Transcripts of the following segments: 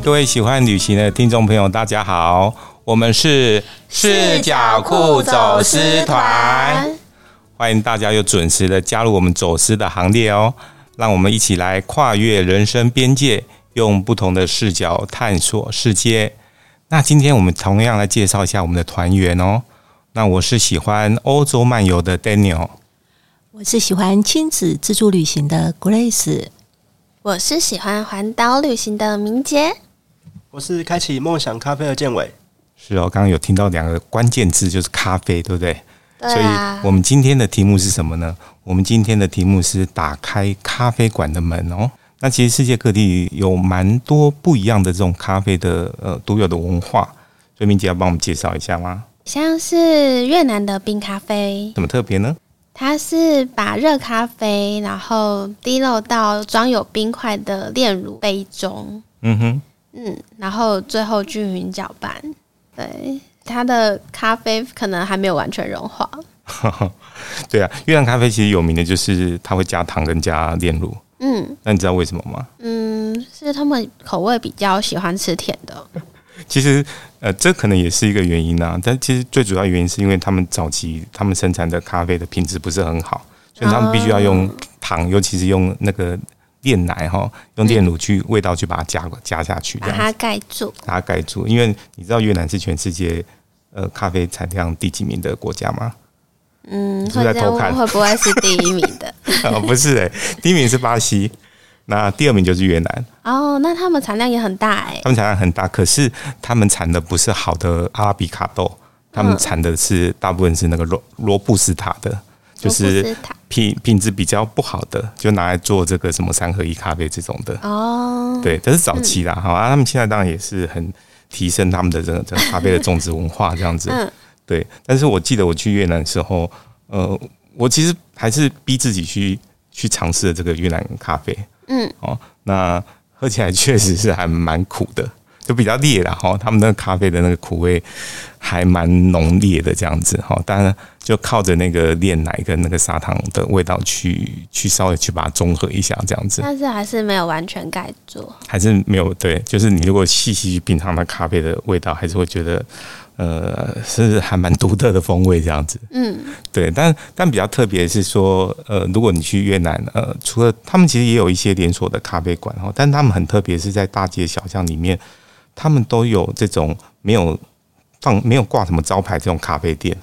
各位喜歡旅行的聽眾朋友，大家好！我們是視角酷走私團，歡迎大家又準時的加入我們走私的行列哦！讓我們一起來跨越人生邊界，用不同的視角探索世界。那今天我們同樣來介紹一下我們的團員哦。那我是喜歡歐洲漫遊的 Daniel，我是喜歡親子自助旅行的 Grace。我是喜歡環島旅行的明捷，我是開啟夢想咖啡的建偉。是哦，剛剛有聽到兩個關鍵字，就是咖啡，對不對？對啊。所以我們今天的題目是什麼呢？我們今天的題目是打開咖啡館的門哦。那其實世界各地有蠻多不一樣的這種咖啡的呃獨有的文化，所以明捷要幫我們介紹一下嗎？像是越南的冰咖啡，怎麼特別呢？它是把熱咖啡，然後滴漏到裝有冰塊的煉乳杯中，嗯哼，嗯，然後最後均勻攪拌。對，它的咖啡可能還沒有完全融化。呵呵對啊，越南咖啡其實有名的，就是它會加糖跟加煉乳。嗯，那你知道為什麼嗎？嗯，是他們口味比較喜歡吃甜的。其實。呃，這可能也是一個原因吶、啊，但其實最主要原因是因為他們早期，他們生產的咖啡的品質不是很好，所以他們必須要用糖，哦、尤其是用那個煉奶哈，用煉乳去味道去把它加、嗯、加下去，把它蓋住，把它蓋住。因為你知道越南是全世界呃咖啡產量第幾名的國家嗎？嗯，我在偷看會不會是第一名的？ 哦，不是哎，第一名是巴西。那第二名就是越南哦，oh, 那他們產量也很大哎，欸，他們產量很大，可是他們產的不是好的阿拉比卡豆，嗯，他們產的是大部分是那個羅羅布斯塔的，就是品羅布斯塔品質比較不好的，就拿來做這個什麼三合一咖啡這種的哦，oh, 對，這是早期的好，嗯，啊，他們現在當然也是很提升他們的這個這個咖啡的種植文化這樣子， 嗯，對，但是我記得我去越南的時候，呃，我其實還是逼自己去去嘗試了這個越南咖啡。嗯哦，那喝起來確實是還蠻苦的，就比較烈啦，然後他們那個咖啡的那個苦味還蠻濃烈的這樣子，哈，當然就靠着那個煉奶跟那個砂糖的味道去去稍微去把它中和一下這樣子，但是還是沒有完全蓋住，還是沒有對，就是你如果細細去品嘗那咖啡的味道，還是會覺得。呃，是，是還蠻獨特的風味這樣子。嗯，對，但但比較特別是說，呃，如果你去越南，呃，除了他們其實也有一些連鎖的咖啡館，然後，但他們很特別是在大街小巷裡面，他們都有這種沒有放、沒有掛什麼招牌這種咖啡店。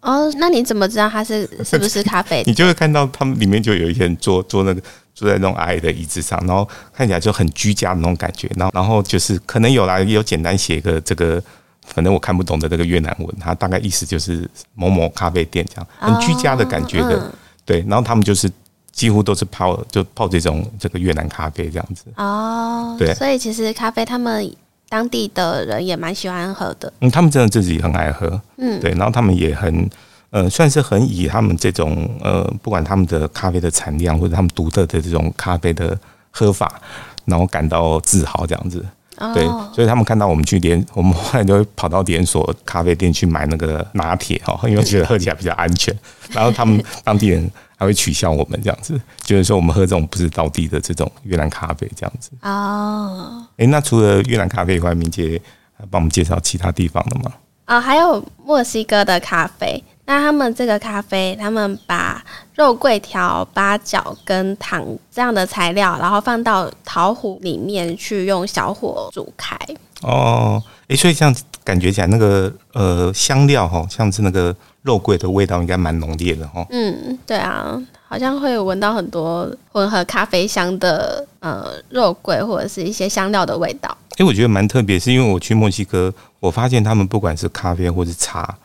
哦，那你怎麼知道它是是不是咖啡？ 你就會看到他們裡面就有一些人坐坐那個坐在那種矮矮的椅子上，然後看起來就很居家的那種感覺。然後，然後就是可能有來也有簡單寫一個這個。反正我看不懂的這個越南文，它大概意思就是某某咖啡店這樣，很居家的感覺的，哦，嗯，對。然後他們就是幾乎都是泡，就泡這種這個越南咖啡這樣子。哦，對。所以其實咖啡他們當地的人也蠻喜歡喝的。嗯，他們真的自己很愛喝，嗯，對。然後他們也很，呃，算是很以他們這種，呃，不管他們的咖啡的產量或者他們獨特的這種咖啡的喝法，然後感到自豪這樣子。Oh. 對，所以他們看到我們去連，我們後來就會跑到連鎖咖啡店去買那個拿鐵，因為覺得喝起來比較安全。 然後他們當地人還會取笑我們這樣子，就是說我們喝這種不是道地的這種越南咖啡這樣子。哦、oh. 欸，那除了越南咖啡以外，明捷還幫我們介紹其他地方的嗎？啊、oh, 還有墨西哥的咖啡。那他們這個咖啡，他們把肉桂條、八角跟糖這樣的材料，然後放到陶壺裡面去，用小火煮開。哦，哎、欸，所以這樣感覺起來，那個呃香料哈，像是那個肉桂的味道，應該蠻濃烈的哈、哦。嗯，對啊，好像會聞到很多混合咖啡香的呃肉桂或者是一些香料的味道。哎、欸，我覺得蠻特別，是因為我去墨西哥，我發現他們不管是咖啡或是茶。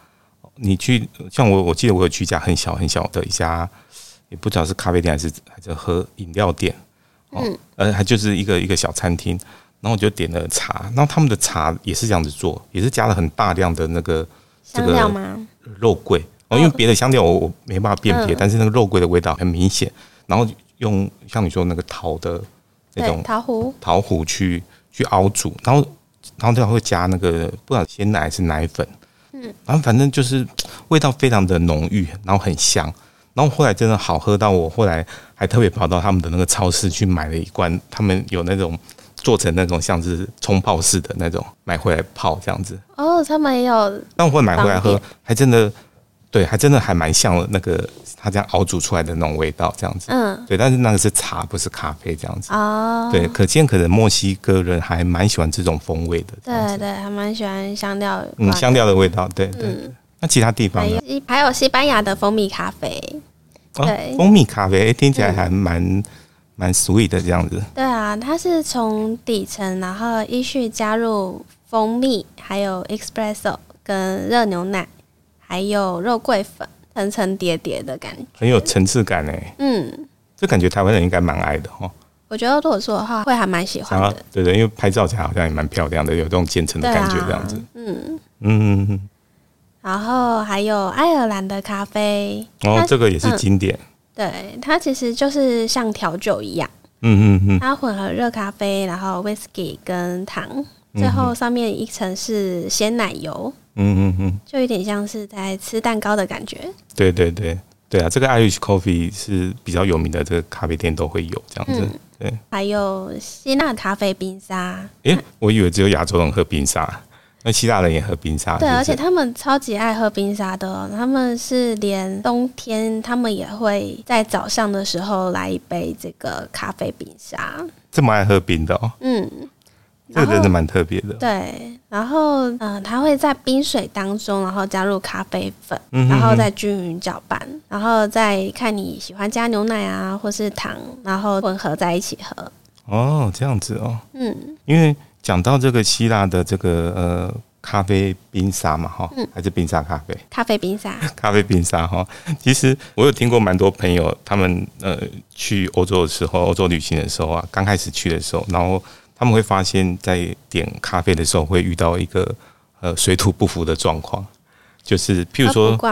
你去像我，我記得我有去一家很小很小的一家，也不知道是咖啡店還是還是喝飲料店，嗯，呃、哦，還就是一個一個小餐廳，然後我就點了茶，然後他們的茶也是這樣子做，也是加了很大量的那個這個肉桂，哦，因為別的香料我我沒辦法辨別、哦嗯，但是那個肉桂的味道很明顯。然後用像你說那個陶的那種陶壺，陶壺去去熬煮，然後然後他會加那個不知道鮮奶還是奶粉。然後反正就是味道非常的濃郁，然後很香，然後後來真的好喝到我，後來還特別跑到他們的那個超市去買了一罐，他們有那種做成那種像是沖泡式的那種，買回來泡這樣子。哦，他們也有，但我會買回來喝，還真的。對，還真的還蠻像那個他這樣熬煮出來的那種味道，這樣子。嗯，對，但是那個是茶，不是咖啡，這樣子。哦，對，可見可能墨西哥人還蠻喜歡這種風味的。對對，還蠻喜歡香料的。嗯，香料的味道。對對，對、嗯。那其他地方呢？還有西班牙的蜂蜜咖啡。對，哦、蜂蜜咖啡聽起來還蠻蠻、嗯、sweet 的這樣子。對啊，它是從底層然後依序加入蜂蜜，還有 espresso 跟熱牛奶。還有肉桂粉，層層疊，疊疊的感覺，很有層次感哎、欸。嗯，這感覺台灣人應該蠻愛的齁。我覺得如果說的話，會還蠻喜歡的。對對，因為拍照起來好像也蠻漂亮的，有這種漸層的感覺這樣子。啊、嗯嗯嗯。然後還有愛爾蘭的咖啡哦，這個也是經典、嗯。對，它其實就是像調酒一樣。嗯嗯嗯。它混合熱咖啡，然後威士忌跟糖、嗯哼哼，最後上面一層是鮮奶油。嗯嗯嗯，就有點像是在吃蛋糕的感覺。對對對，對啊，這個 Irish Coffee 是比較有名的，這個咖啡店都會有這樣子。嗯、對，還有希臘咖啡冰沙。哎、欸，我以為只有亞洲人喝冰沙，那希臘人也喝冰沙？對，而且他們超級愛喝冰沙的、哦，他們是連冬天他們也會在早上的時候來一杯這個咖啡冰沙。這麼愛喝冰的哦。嗯。這個真的蠻特別的，對。然後，嗯、呃，它會在冰水當中，然後加入咖啡粉、嗯哼哼，然後再均勻攪拌，然後再看你喜歡加牛奶啊，或是糖，然後混合在一起喝。哦，這樣子哦。嗯，因為講到這個希臘的這個呃咖啡冰沙嘛，哈、哦嗯，還是冰沙咖啡，咖啡冰沙，咖啡冰沙哈、哦。其實我有聽過蠻多朋友，他們呃去歐洲的時候，歐洲旅行的時候啊，剛開始去的時候，然後。他們會發現在點咖啡的時候會遇到一個呃水土不服的狀況，就是譬如說，喝 說，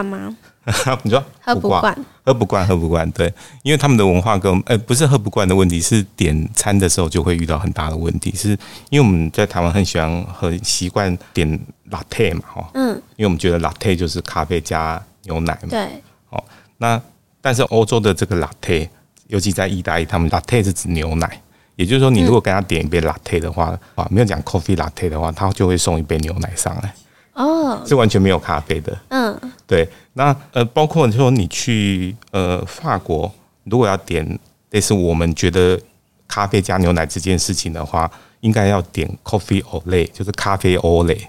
喝不慣嗎？你說喝不慣，喝不慣，喝不慣。對，因為他們的文化跟呃不是喝不慣的問題，是點餐的時候就會遇到很大的問題，是因為我們在台灣很喜歡很習慣點 Latte 嘛，哈、哦，嗯，因為我們覺得 Latte 就是咖啡加牛奶嘛，對，哦，那但是歐洲的這個 Latte，尤其在意大利，他們 Latte 是指牛奶。也就是說，你如果跟他點一杯 latte 的話，啊，沒有講 coffee latte 的話，他就會送一杯牛奶上來。哦，是完全沒有咖啡的。嗯，對。那呃，包括說你去呃法國，如果要點類似我們覺得咖啡加牛奶這件事情的話，應該要點 coffee au lait，就是咖啡 au lait。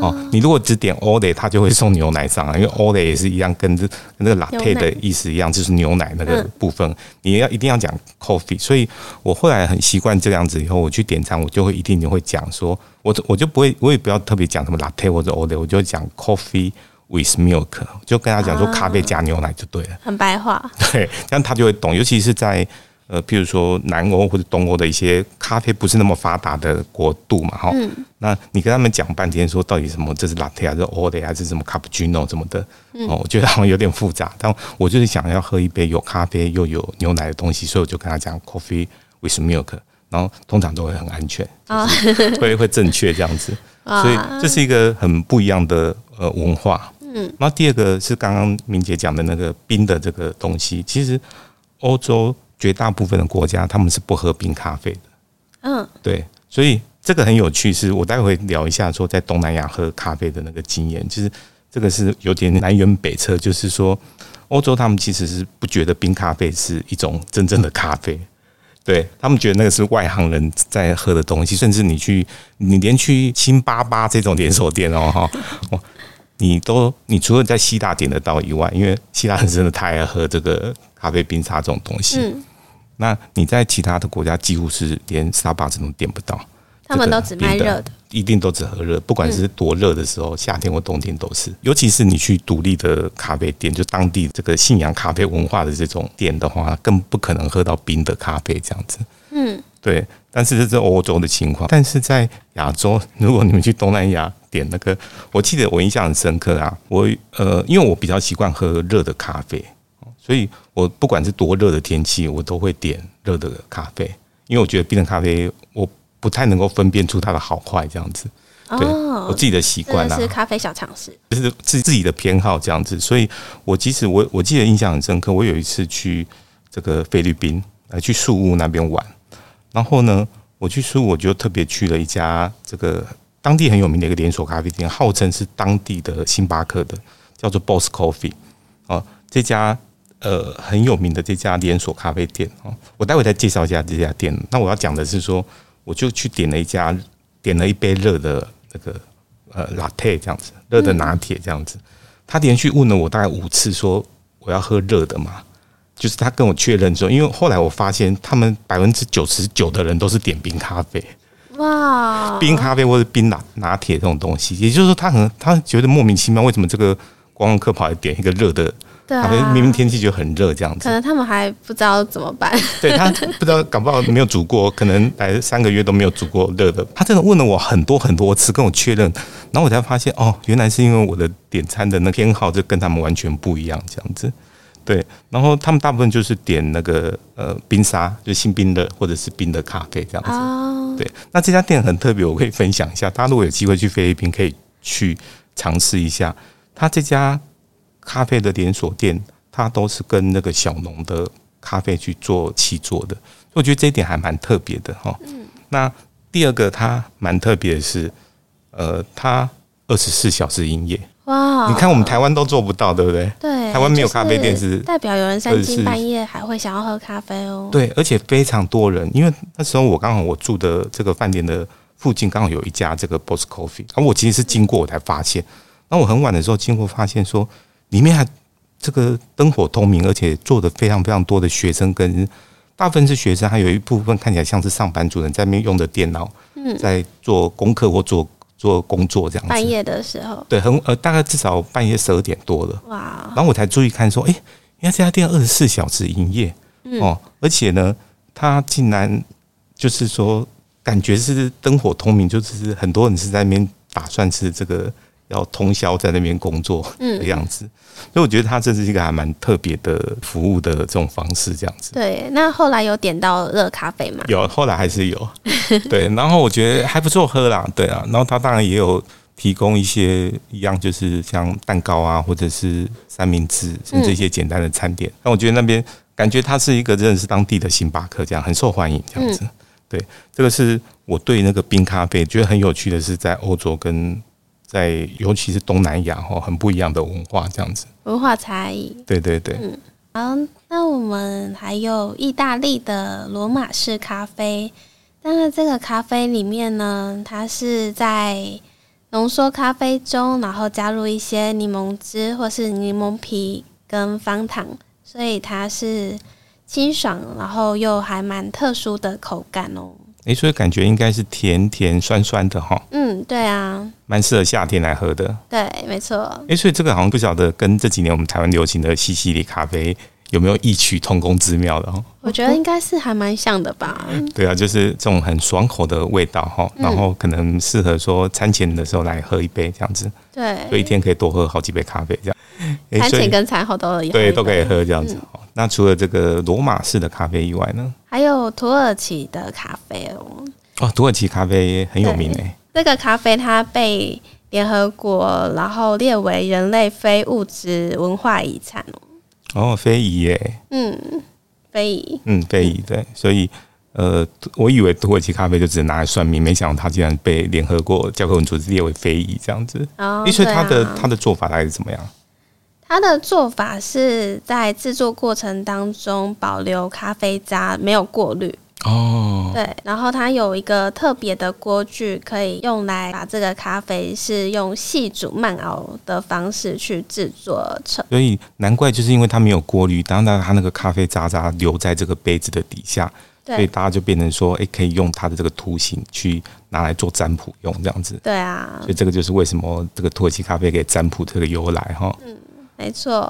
哦，你如果只點 au lait，他就會送牛奶上來，因為 au lait 也是一樣，跟跟那個 Latte 的意思一樣，就是牛奶那個部分。你要一定要講 Coffee，嗯、所以我後來很習慣這樣子，以後我去點餐，我就會一定就會講說，我就我就不會，我也不要特別講什麼 Latte 或者 au lait，我就講 Coffee with Milk，就跟他講說咖啡加牛奶就對了、嗯，很白話。對，這樣他就會懂，尤其是在。呃，譬如說南歐或者東歐的一些咖啡不是那麼發達的國度嘛，哈、嗯，那你跟他們講半天說到底什麼這、啊，這是拿鐵還是 e 蕾還是什麼卡布 n o 什麼的、嗯，哦，我覺得好像有點複雜。但我就是想要喝一杯有咖啡又有牛奶的東西，所以我就跟他講 coffee with milk，然後通常都會很安全，就是、會會正確這樣子。哦、所以這是一個很不一樣的呃文化。嗯，那第二個是剛剛明姐講的那個冰的這個東西，其實歐洲。絕大部分的國家他們是不喝冰咖啡的，嗯，對，所以這個很有趣，是我待會聊一下說在東南亞喝咖啡的那個經驗，就是這個是有點南轅北轍，就是說歐洲他們其實是不覺得冰咖啡是一種真正的咖啡，對他們覺得那個是外行人在喝的東西，甚至你去你連去星巴巴這種連鎖店哦哈、哦，你都你除了在希臘點得到以外，因為希臘人真的太愛喝這個咖啡冰茶這種東西。嗯那你在其他的國家幾乎是連沙巴子都點不到，他們都只賣熱的，一定都只喝熱，不管是多熱的時候，夏天或冬天都是。尤其是你去獨立的咖啡店，就當地這個信仰咖啡文化的這種店的話，更不可能喝到冰的咖啡這樣子。嗯，對。但是這是歐洲的情況，但是在亞洲，如果你們去東南亞點那個，我記得我印象很深刻啊，我呃，因為我比較習慣喝熱的咖啡。所以，我不管是多熱的天氣，我都會點熱的咖啡，因為我覺得冰的咖啡，我不太能夠分辨出它的好壞這樣子。哦，對，我自己的習慣啦，是咖啡小嘗試，就是自自己的偏好這樣子。所以，我即使我我記得印象很深刻，我有一次去這個菲律賓，呃，去宿霧那邊玩，然後呢，我去宿霧，我就特別去了一家這個當地很有名的一個連鎖咖啡店，號稱是當地的星巴克的，叫做 Boss Coffee 啊，這家。呃，很有名的這家連鎖咖啡店哦，我待會再介紹一下這家店。那我要講的是說，我就去點了一家，點了一杯熱的，那個呃拿鐵這樣子，熱的拿鐵這樣子，嗯。他連續問了我大概五次，說我要喝熱的嘛。就是他跟我確認說，因為後來我發現他們百分之九十九的人都是點冰咖啡，哇，冰咖啡或者冰拿拿鐵這種東西。也就是說，他很他覺得莫名其妙，為什麼這個觀光客跑來點一個熱的？對啊，明明天氣就很熱這樣子，可能他們還不知道怎麼辦對。對他不知道，搞不好沒有煮過，可能來三個月都沒有煮過熱的。他真的問了我很多很多次，跟我確認，然後我才發現哦，原來是因為我的點餐的那個偏好就跟他們完全不一樣這樣子。對，然後他們大部分就是點那個呃冰沙，就新冰的或者是冰的咖啡這樣子。對，那這家店很特別，我可以分享一下。大家如果有機會去菲律賓可以去嘗試一下，他這家。咖啡的連鎖店，它都是跟那個小農的咖啡去做合作的，我覺得這一點還蠻特別的哈、嗯。那第二個它蠻特別的是，呃，它二十四小時營業。哇、wow，你看我們台灣都做不到，對不對？對，台灣沒有咖啡店是、就是、代表有人三更半夜還會想要喝咖啡哦。對，而且非常多人，因為那時候我剛好我住的這個飯店的附近剛好有一家這個 Boss Coffee，而、啊、我其實是經過我才發現，那、嗯、我很晚的時候經過發現說。裡面還這個燈火通明，而且坐的非常非常多的學生，跟大部分是學生，還有一部分看起來像是上班族人，在那邊用的電腦，在做功課或做做工作這樣子。半夜的時候，對，很呃，大概至少半夜十二點多了。哇、wow！然後我才注意看說，哎、欸，原來這家店二十四小時營業、嗯、哦，而且呢，他竟然就是說，感覺是燈火通明，就是很多人是在那邊打算是這個。要通宵在那邊工作的樣子、嗯，所以我覺得他這是一個還蠻特別的服務的這種方式，這樣子。對，那後來有點到熱咖啡嗎？有，後來還是有。 對，然後我覺得還不錯喝啦，對啊。然後他當然也有提供一些一樣，就是像蛋糕啊，或者是三明治，像這些簡單的餐點。嗯、但我覺得那邊感覺它是一個認識當地的星巴克，這樣很受歡迎這樣子。嗯、對，這個是我對那個冰咖啡覺得很有趣的是，在歐洲跟。在尤其是東南亞哈，很不一樣的文化這樣子。文化差異，對對對。嗯，好，那我們還有意大利的羅馬式咖啡。但是，這個咖啡裡面呢，它是在濃縮咖啡中，然後加入一些檸檬汁或是檸檬皮跟方糖，所以它是清爽，然後又還蠻特殊的口感哦。哎、欸，所以感覺應該是甜甜酸酸的哈。嗯，對啊，蠻適合夏天來喝的。對，沒錯。哎、欸，所以這個好像不曉得跟這幾年我們台灣流行的西西里咖啡。有沒有異曲同工之妙的、哦？我覺得應該是還蠻像的吧、哦。對啊，就是這種很爽口的味道哈、嗯，然後可能適合說餐前的時候來喝一杯這樣子。對、嗯，就一天可以多喝好幾杯咖啡這樣。欸、餐前跟餐後都可以，對，都可以喝這樣子。嗯、那除了這個羅馬式的咖啡以外呢？還有土耳其的咖啡哦。哦，土耳其咖啡很有名誒。這個咖啡它被聯合國然後列為人類非物質文化遺產哦。哦，非遺耶、欸！嗯，非遺，嗯，非遺，對，所以，呃，我以為土耳其咖啡就只能拿來算命，沒想到它竟然被聯合國教科文組織列為非遺，這樣子。哦，所以它的它、啊、的做法大概是怎麼樣？它的做法是在製作過程當中保留咖啡渣，沒有過濾。哦，對，然後它有一個特別的鍋具，可以用來把這個咖啡是用細煮慢熬的方式去制作成。所以難怪就是因為它沒有過濾，當然後它它那個咖啡渣渣留在這個杯子的底下，對。所以大家就變成說，哎，可以用它的這個圖形去拿來做占卜用，這樣子。對啊，所以這個就是為什麼這個土耳其咖啡給占卜這個由來哈。嗯，沒錯。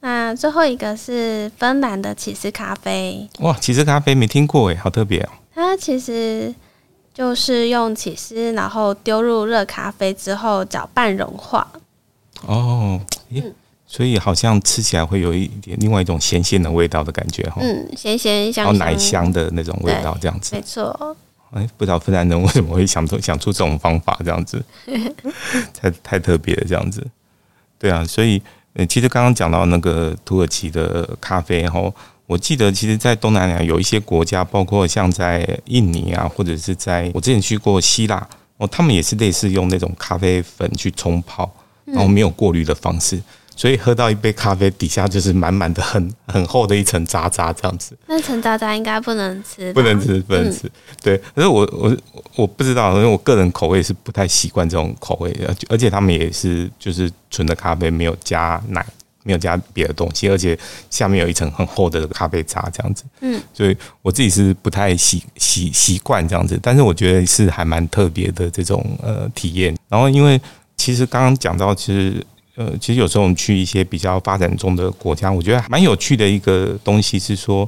那最後一個是芬蘭的起司咖啡。哇，起司咖啡沒聽過哎，好特別哦、啊！它其實就是用起司，然後丟入熱咖啡之後攪拌融化。哦、欸嗯，所以好像吃起來會有一點另外一種鹹鹹的味道的感覺哈、哦。嗯，鹹鹹香，香、哦、奶香的那種味道，這樣子沒錯。哎、欸，不知道芬蘭人為什麼會想出想出這種方法這樣子， 太太特別了這樣子。對啊，所以。呃，其實剛剛講到那個土耳其的咖啡，然後我記得其實，在東南亞有一些國家，包括像在印尼啊，或者是在我之前去過希臘，哦，他們也是類似用那種咖啡粉去沖泡，然後沒有過濾的方式。嗯所以喝到一杯咖啡，底下就是滿滿的很、很很厚的一層渣渣，這樣子。那層渣渣應該不能吃。不能吃，不能吃。嗯、對，可是我我我不知道，因為我個人口味是不太習慣這種口味。而且他們也是就是純的咖啡，沒有加奶，沒有加別的東西，而且下面有一層很厚的咖啡渣這樣子。嗯，所以我自己是不太習習習慣這樣子，但是我覺得是還蠻特別的這種呃體驗。然後因為其實剛剛講到，其實。呃，其實有時候我們去一些比較發展中的國家，我覺得還蠻有趣的一個東西是說，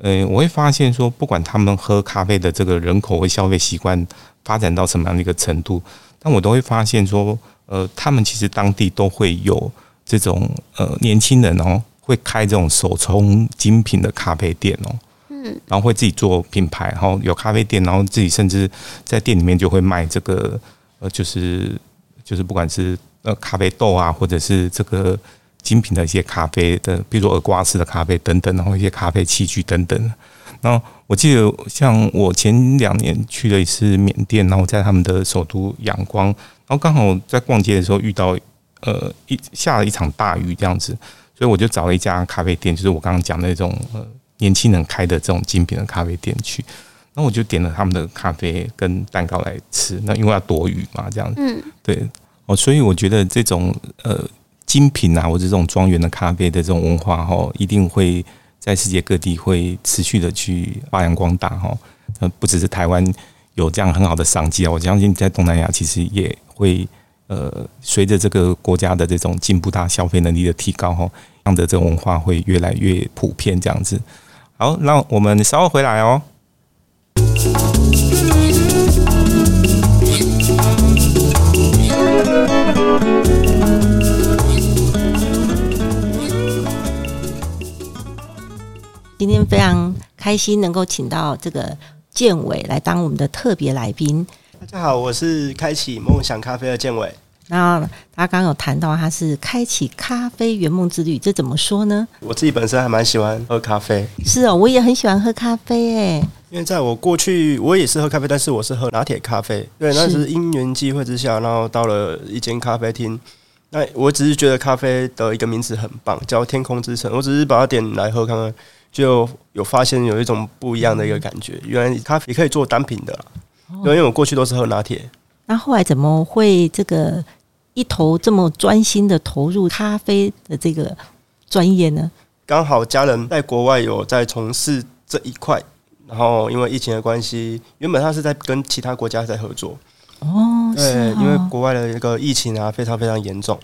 呃，我會發現說，不管他們喝咖啡的這個人口和消費習慣發展到什麼樣的一個程度，但我都會發現說，呃，他們其實當地都會有這種呃年輕人哦，會開這種手沖精品的咖啡店哦，嗯，然後會自己做品牌，然後有咖啡店，然後自己甚至在店裡面就會賣這個，呃，就是就是不管是。呃，咖啡豆啊，或者是這個精品的一些咖啡的，比如說耳掛式的咖啡等等，然後一些咖啡器具等等。然後我記得，像我前兩年去了一次緬甸，然後在他們的首都仰光，然後剛好在逛街的時候遇到呃一下了一場大雨這樣子，所以我就找了一家咖啡店，就是我剛剛講的那種呃年輕人開的這種精品的咖啡店去。然後我就點了他們的咖啡跟蛋糕來吃，那因為要躲雨嘛這樣子、嗯。對。哦，所以我覺得這種呃精品啊，或者這種莊園的咖啡的這種文化哈，一定會在世界各地會持續的去發揚光大哈。呃，不只是台灣有這樣很好的商機啊，我相信在東南亞其實也會呃，隨着這個國家的這種進步大，它消費能力的提高哈，這樣的這種文化會越來越普遍這樣子。好，那我們稍後回來哦。非常開心能夠請到這個建偉來當我們的特別來賓。大家好，我是開啟夢想咖啡的建偉。那大家剛剛有談到他是開啟咖啡圓夢之旅，這怎麼說呢？我自己本身還蠻喜歡喝咖啡。是哦，我也很喜歡喝咖啡誒、欸。因為在我過去，我也是喝咖啡，但是我是喝拿鐵咖啡。對，是那是因緣際會之下，然後到了一間咖啡廳。那我只是覺得咖啡的一個名字很棒，叫天空之城。我只是把它點來喝看看。就有發現有一種不一樣的一個感覺，原來咖啡也可以做單品的，因為，我過去都是喝拿鐵。那後來怎麼會這個一頭這麼專心的投入咖啡的這個專業呢？剛好家人在國外有在從事這一塊，然後因為疫情的關係，原本他是在跟其他國家在合作。哦，對，因為國外的一個疫情啊，非常非常嚴重。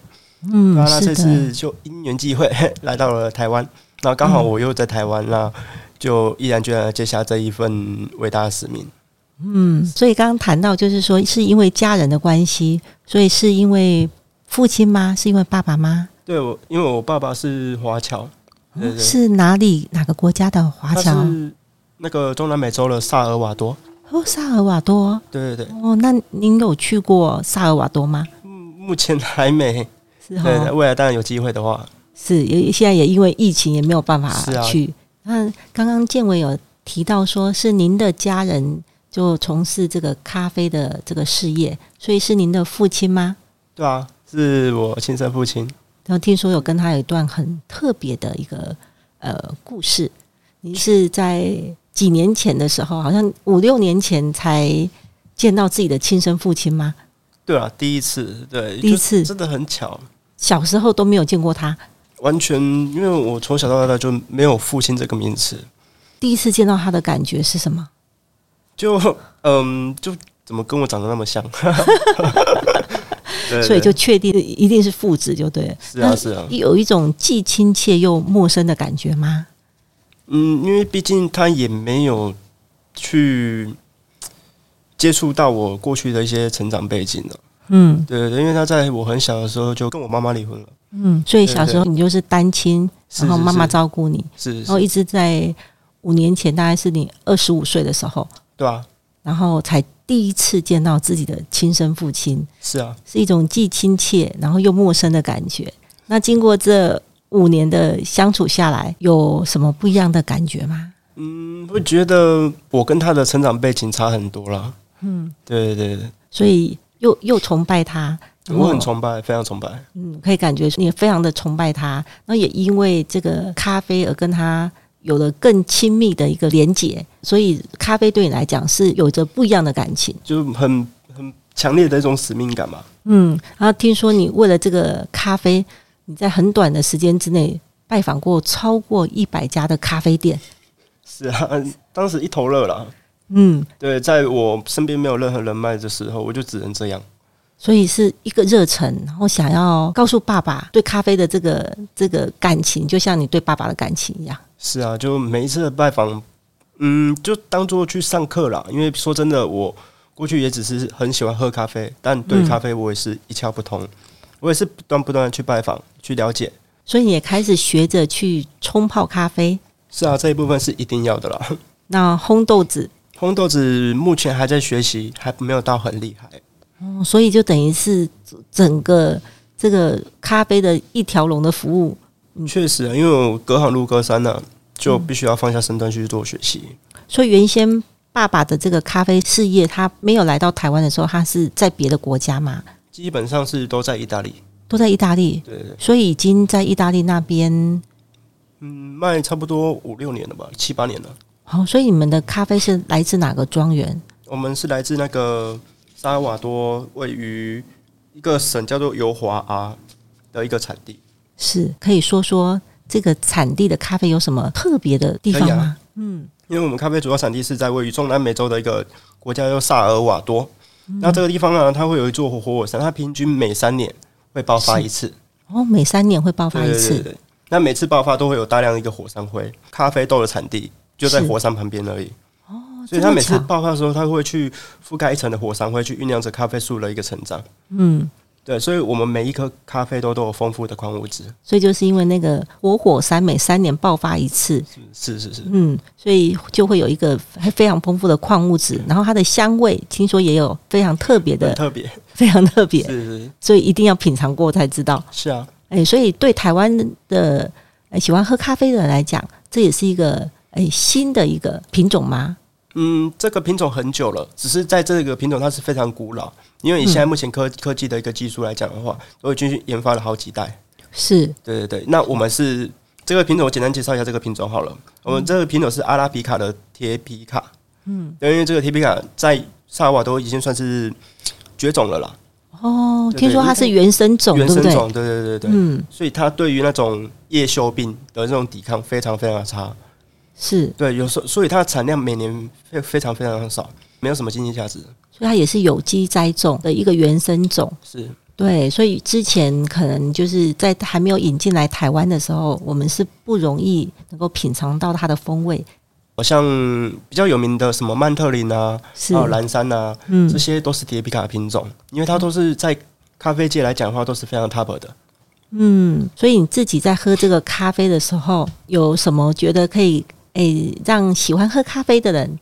嗯，那這次就因緣際會來到了台灣。那剛好我又在台灣，嗯、那就毅然決然接下這一份偉大的使命。嗯，所以剛剛談到就是說，是因為家人的關係，所以是因為父親嗎？是因為爸爸嗎？對，我因為我爸爸是華僑，對對哦、是哪裡哪個國家的華僑？是那個中南美洲的薩爾瓦多。哦，薩爾瓦多。對對對。哦，那您有去過薩爾瓦多嗎？目前還沒。是、哦、對，未來當然有機會的話。是，因為現在也因為疫情也沒有辦法去。那、啊、剛剛建偉有提到說，說是您的家人就從事這個咖啡的這個事業，所以是您的父親嗎？對啊，是我親生父親。然後聽說有跟他有一段很特別的一個呃故事，您是在幾年前的時候，好像五六年前才見到自己的親生父親嗎？對啊，第一次，對，第一次真的很巧，小時候都沒有見過他。完全，因為我從小到大就沒有父親這個名詞。第一次見到他的感覺是什麼？就嗯，就怎麼跟我長得那麼像， 對對對，所以就確定一定是父子就對。是啊，是啊，有一種既親切又陌生的感覺嗎？嗯，因為畢竟他也沒有去接觸到我過去的一些成長背景了。嗯，對對，因為他在我很小的時候就跟我媽媽離婚了，嗯，所以小時候你就是單親，對對，然後媽媽照顧你，是，是，是，然後一直在五年前，大概是你二十五歲的時候，對啊，然後才第一次見到自己的親生父親，是啊，是一種既親切然後又陌生的感覺。那經過這五年的相處下來，有什麼不一樣的感覺嗎？嗯，會覺得我跟他的成長背景差很多啦，嗯，對，對對對，所以。嗯又又崇拜他，我很崇拜，非常崇拜。嗯，可以感覺你非常的崇拜他，那也因為這個咖啡而跟他有了更親密的一個連接，所以咖啡對你來講是有着不一樣的感情，就很很強烈的一種使命感嘛。嗯，然後聽說你為了這個咖啡，你在很短的時間之內拜訪過超過一百家的咖啡店。是啊，當時一頭熱了。嗯，對，在我身邊沒有任何人脈的時候，我就只能這樣。所以是一個熱忱，然後想要告訴爸爸對咖啡的這個這個感情，就像你對爸爸的感情一樣。是啊，就每一次的拜訪，嗯，就當做去上課啦。因為說真的，我過去也只是很喜歡喝咖啡，但對咖啡我也是一竅不通，嗯。我也是不斷不斷的去拜訪去了解，所以你也開始學着去沖泡咖啡。是啊，這一部分是一定要的啦。那烘豆子。紅豆子目前還在學習，還沒有到很厲害、欸。哦、嗯，所以就等於是整個這個咖啡的一條龍的服務。確、嗯、實啊，因為我隔行如隔山吶、啊，就必須要放下身段去做學習、嗯。所以原先爸爸的這個咖啡事業，他沒有來到台灣的時候，他是在別的國家嘛？基本上是都在意大利，都在意大利。對，對，對。所以已經在意大利那邊，嗯，賣差不多五六年了吧，七八年了。好、哦，所以你們的咖啡是來自哪個莊園？我們是來自那個薩爾瓦多，位於一個省叫做尤華啊，的一個產地。是，可以說說這個產地的咖啡有什麼特別的地方嗎？嗯、啊，因為我們咖啡主要產地是在位於中南美洲的一個國家叫、就是、薩爾瓦多、嗯，那這個地方呢，它會有一座活火、火山，它平均每三年會爆發一次。哦，每三年會爆發一次，對對對對對，那每次爆發都會有大量的一個火山灰，咖啡豆的產地。就在火山旁邊而已，哦，所以它每次爆發的時候，它會去覆蓋一層的火山，會去醞釀着咖啡樹的一個成長。嗯，對，所以我們每一顆咖啡豆都有豐富的礦物質。所以就是因為那個活火山每三年爆發一次，是是是，嗯，所以就會有一個非常豐富的礦物質。然後它的香味，聽說也有非常特別的，特別，非常特別，是是，所以一定要品嘗過才知道。是啊，誒，所以對台灣的喜歡喝咖啡的人來講，這也是一個。哎，新的一個品種嗎？嗯，這個品種很久了，只是在這個品種它是非常古老。因為以現在目前科、嗯、科技的一個技術來講的話，都已經研發了好幾代。是，對對對。那我們是這個品種，我簡單介紹一下這個品種好了。我們這個品種是阿拉比卡的鐵皮卡。嗯，因為這個鐵皮卡在薩瓦多已經算是絕種了啦。哦，對對，聽說它是原生種，原生種對對。對對對對，嗯。所以它對於那種葉鏽病的這種抵抗非常非常的差。是對，有時候，所以它的產量每年非非常非常少，沒有什麼經濟價值。所以它也是有機栽種的一個原生種。是對，所以之前可能就是在還沒有引進來台灣的時候，我們是不容易能夠品嘗到它的風味。好像比較有名的什麼曼特林啊，還有藍山啊，嗯，這些都是鐵皮卡品種，因為它都是在咖啡界來講的話都是非常 top 的。嗯，所以你自己在喝這個咖啡的時候，有什麼覺得可以？哎、欸，讓喜歡喝咖啡的人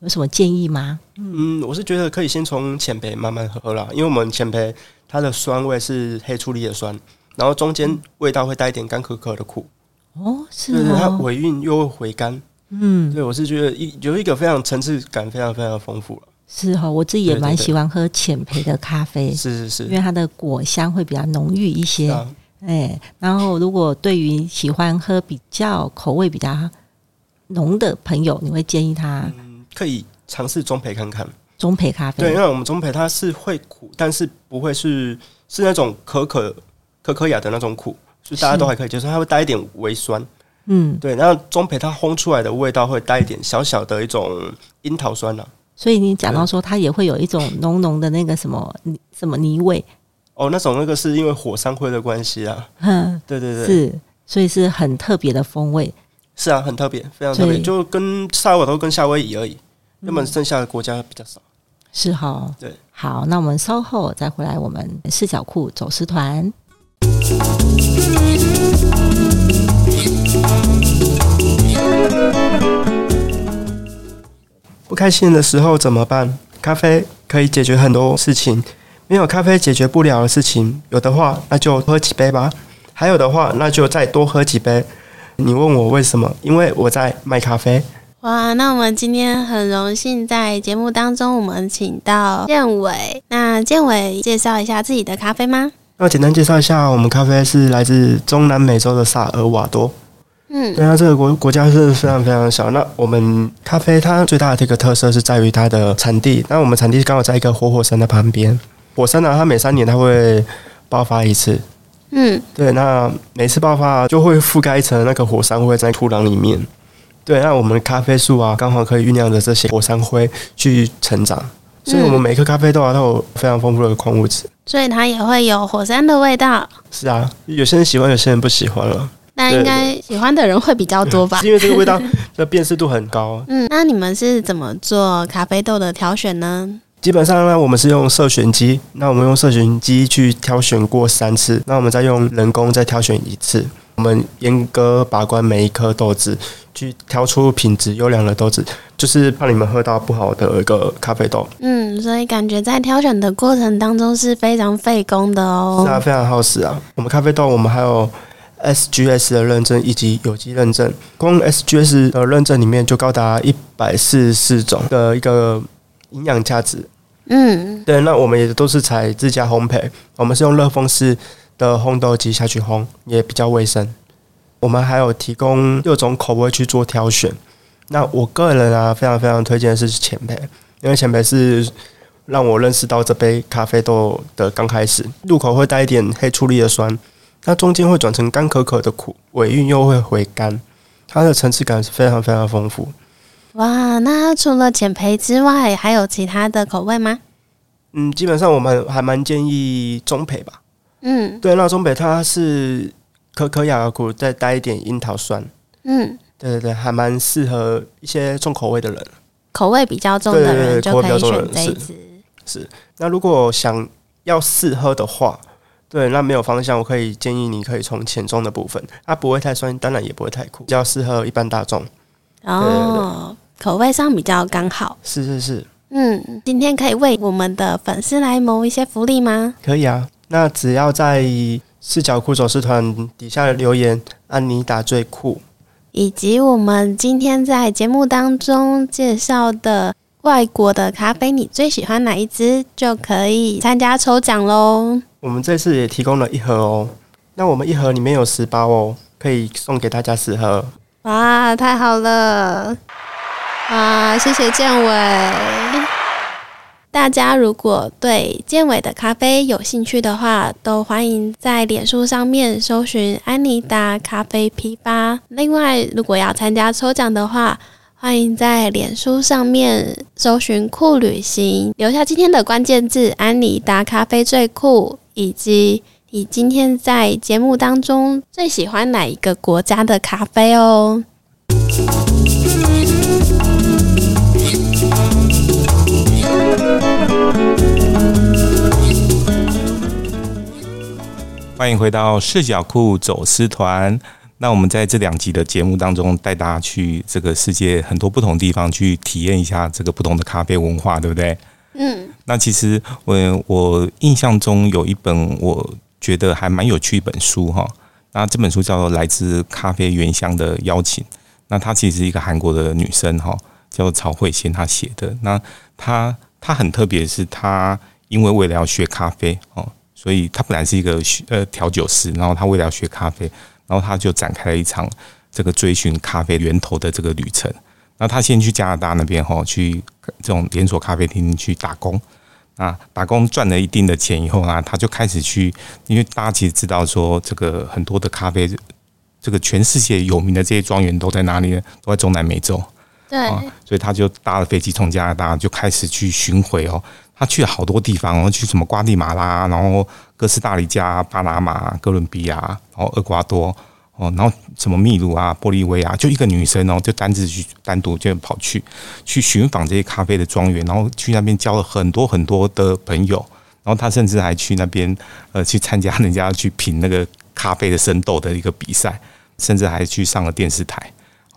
有什麼建議嗎？嗯，我是覺得可以先從淺焙慢慢喝了，因為我們淺焙它的酸味是黑醋栗的酸，然後中間味道會帶一點乾可可的苦哦，就是，、哦、是它尾韻又會回甘。嗯，對，我是覺得一有一個非常層次感，非常非常豐富是哈、哦，我自己也蠻喜歡喝淺焙的咖啡，對對對 是是是，因為它的果香會比較濃郁一些。哎、啊欸，然後如果對於喜歡喝比較口味比較。濃的朋友，你會建議他、嗯、可以嘗試中培看看中培咖啡對，因為我們中培它是會苦，但是不會是是那種可可可可亞的那種苦，所以大家都還可以接受。它會帶一點微酸，嗯，對。然後中培它烘出來的味道會帶一點小小的一種櫻桃酸呢、啊，所以你講到說它也會有一種濃濃的那個什麼 什麼泥味哦，那種那個是因為火山灰的關係啊，哼，對對對，是，所以是很特別的風味。是啊，很特別，非常特別，就跟薩爾瓦多跟夏威夷而已，那、嗯、本剩下的國家比較少。是哈，哦，對，好，那我們稍後再回來，我們視角酷走私團。不開心的時候怎麼辦？咖啡可以解決很多事情，沒有咖啡解決不了的事情，有的話那就喝幾杯吧，還有的話那就再多喝幾杯。你問我為什麼？因為我在賣咖啡。哇，那我們今天很榮幸在節目當中，我們請到建偉。那建偉介紹一下自己的咖啡嗎？那我簡單介紹一下，我們咖啡是來自中南美洲的薩爾瓦多。嗯，對啊，這個國國家是非常非常小。那我們咖啡它最大的一個特色是在於它的產地。那我們產地剛好在一個活火，火山的旁邊。火山呢，啊，它每三年它會爆發一次。嗯，對，那每次爆發就會覆蓋一層那個火山灰在土壤裡面。對，那我們咖啡樹啊，剛好可以醞釀着這些火山灰去成長，嗯、所以我們每一顆咖啡豆啊都有非常豐富的礦物質，所以它也會有火山的味道。是啊，有些人喜歡，有些人不喜歡了。那應該喜歡的人會比較多吧？對對對 是因為這個味道的辨識度很高。嗯，那你們是怎麼做咖啡豆的挑選呢？基本上呢，我們是用色選機，那我們用色選機去挑選過三次，那我們再用人工再挑選一次，我們嚴格把關每一顆豆子，去挑出品質優良的豆子，就是怕你們喝到不好的一個咖啡豆。嗯，所以感覺在挑選的過程當中是非常費工的哦。是啊，非常耗時啊。我們咖啡豆我們還有 SGS 的認證以及有機認證，光 SGS 的認證裡面就高達一百四十四種的一個營養價值，嗯，對，那我們也都是採自家烘焙，我們是用熱風式的烘豆機下去烘，也比較衛生。我們還有提供六種口味去做挑選。那我個人啊，非常非常推薦的是淺焙，因為淺焙是讓我認識到這杯咖啡豆的剛開始入口會帶一點黑醋栗的酸，它中間會轉成乾可可的苦，尾韻又會回甘，它的層次感是非常非常豐富。哇，那除了淺焙之外，還有其他的口味嗎？嗯，基本上我們還蠻建議中焙吧。嗯，對，那中焙它是可可亞的苦，再帶一點櫻桃酸。嗯，對對對，還蠻適合一些重口味的人，口味比較重的人就可以選這一支，是，那如果想要試喝的話，對，那沒有方向，我可以建議你可以從淺中的部分，它、啊、不會太酸，當然也不會太苦，比較適合一般大眾。哦對對對，口味上比較剛好。是是是，嗯，今天可以為我們的粉絲來謀一些福利嗎？可以啊，那只要在視角酷走私團底下留言“安妮打最酷”，以及我們今天在節目當中介紹的外國的咖啡，你最喜歡哪一支就可以參加抽獎嘍。我們這次也提供了一盒哦，那我們一盒裡面有十包哦，可以送給大家十盒。哇，太好了！哇，謝謝建偉。大家如果對建偉的咖啡有興趣的話，都歡迎在臉書上面搜尋安妮達咖啡批發。另外，如果要參加抽獎的話，歡迎在臉書上面搜尋酷旅行，留下今天的關鍵字“安妮達咖啡最酷”以及，你今天在節目當中最喜歡哪一個國家的咖啡哦？歡迎回到視角酷走私團。那我們在這兩集的節目當中，帶大家去這個世界很多不同地方去體驗一下這個不同的咖啡文化，對不對？嗯。那其實我我印象中有一本我。覺得還蠻有趣一本書哈，那這本書叫做《來自咖啡原鄉的邀請》，那她其實是一個韓國的女生哈，叫曹慧仙她寫的那他。那她她很特別的是，她因為為了要學咖啡哦，所以她本來是一個學呃調酒師，然後她為了要學咖啡，然後她就展開了一場這個追尋咖啡源頭的這個旅程。那她先去加拿大那邊哈，去這種連鎖咖啡廳去打工。啊，打工賺了一定的錢以後啊，他就開始去，因為大家其實知道說，這個很多的咖啡，這個全世界有名的這些莊園都在哪裡呢？都在中南美洲。對，啊，所以他就搭了飛機從加拿大就開始去巡回哦。他去了好多地方，然後去什麼瓜地馬拉，然後哥斯達黎加、巴拿馬、哥倫比亞，然後厄瓜多。哦，然後什麼秘魯啊、玻利維亞、啊，就一個女生、哦，然後就單子去單獨就跑去，去尋訪這些咖啡的莊園，然後去那邊交了很多很多的朋友，然後她甚至還去那邊呃去參加人家去品那個咖啡的生豆的一個比賽，甚至還去上了電視台。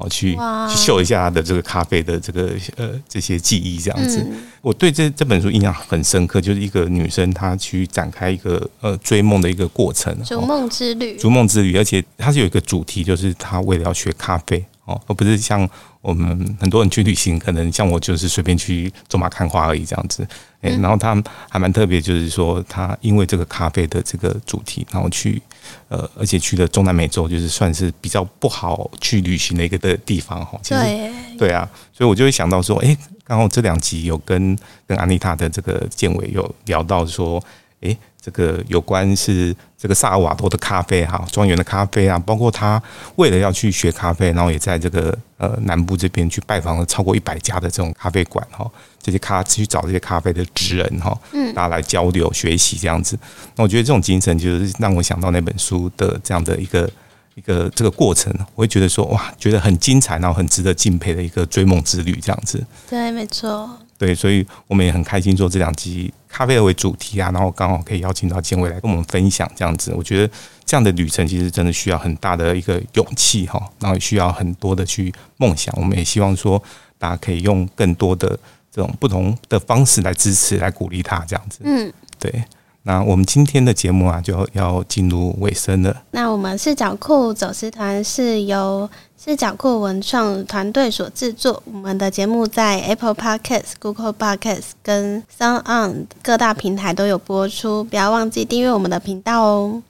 去去嗅一下他的這個咖啡的這個呃這些記憶這樣子，嗯、我對這這本書印象很深刻，就是一個女生她去展開一個呃追夢的一個過程，逐夢之旅，逐夢之旅，而且它是有一個主題，就是她為了要學咖啡哦，而不是像。我們很多人去旅行，可能像我就是隨便去走馬看花而已這樣子，欸、然後他還蠻特別，就是說他因為這個咖啡的這個主題，然後去呃，而且去了中南美洲，就是算是比較不好去旅行的一個的地方哈。其實、對、欸、對啊，所以我就會想到說，哎、欸，剛好這兩集有跟跟安妮塔的這個建委有聊到說，哎、欸，這個有關是這個薩爾瓦多的咖啡哈，莊園的咖啡啊，包括他為了要去學咖啡，然後也在這個呃南部這邊去拜訪了超過一百家的這種咖啡館哈，這些咖去找這些咖啡的職人哈，嗯，大家來交流學習這樣子、嗯。那我覺得這種精神就是讓我想到那本書的這樣的一個一個這個過程，我會覺得說哇，覺得很精彩，然後很值得敬佩的一個追夢之旅這樣子。對，沒錯。對，所以我們也很開心做這兩集咖啡為主題啊，然後剛好可以邀請到建偉來跟我們分享這樣子。我覺得這樣的旅程其實真的需要很大的一個勇氣哈，然後也需要很多的去夢想。我們也希望說大家可以用更多的這種不同的方式來支持、來鼓勵他這樣子。嗯，對。那我們今天的節目啊，就要進入尾聲了。那我們視角酷走私團是由視角酷文創團隊所制作。我們的節目在 Apple Podcasts Google Podcasts 跟 SoundOn 各大平台都有播出，不要忘記訂閱我們的頻道哦。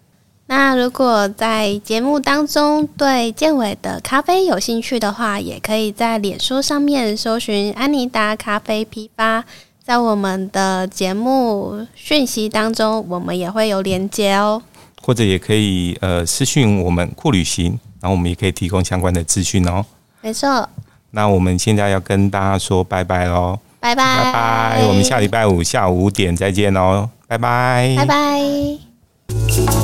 那如果在節目當中對建瑋的咖啡有興趣的話，也可以在臉書上面搜尋安妮達咖啡批發。在我們的節目訊息當中，我們也會有連接哦，或者也可以呃私訊我們酷旅行，然後我們也可以提供相關的資訊哦。沒錯，那我們現在要跟大家說拜拜嘍，拜拜拜拜，我們下禮拜五下午五點再見哦，拜拜拜拜。Bye bye bye bye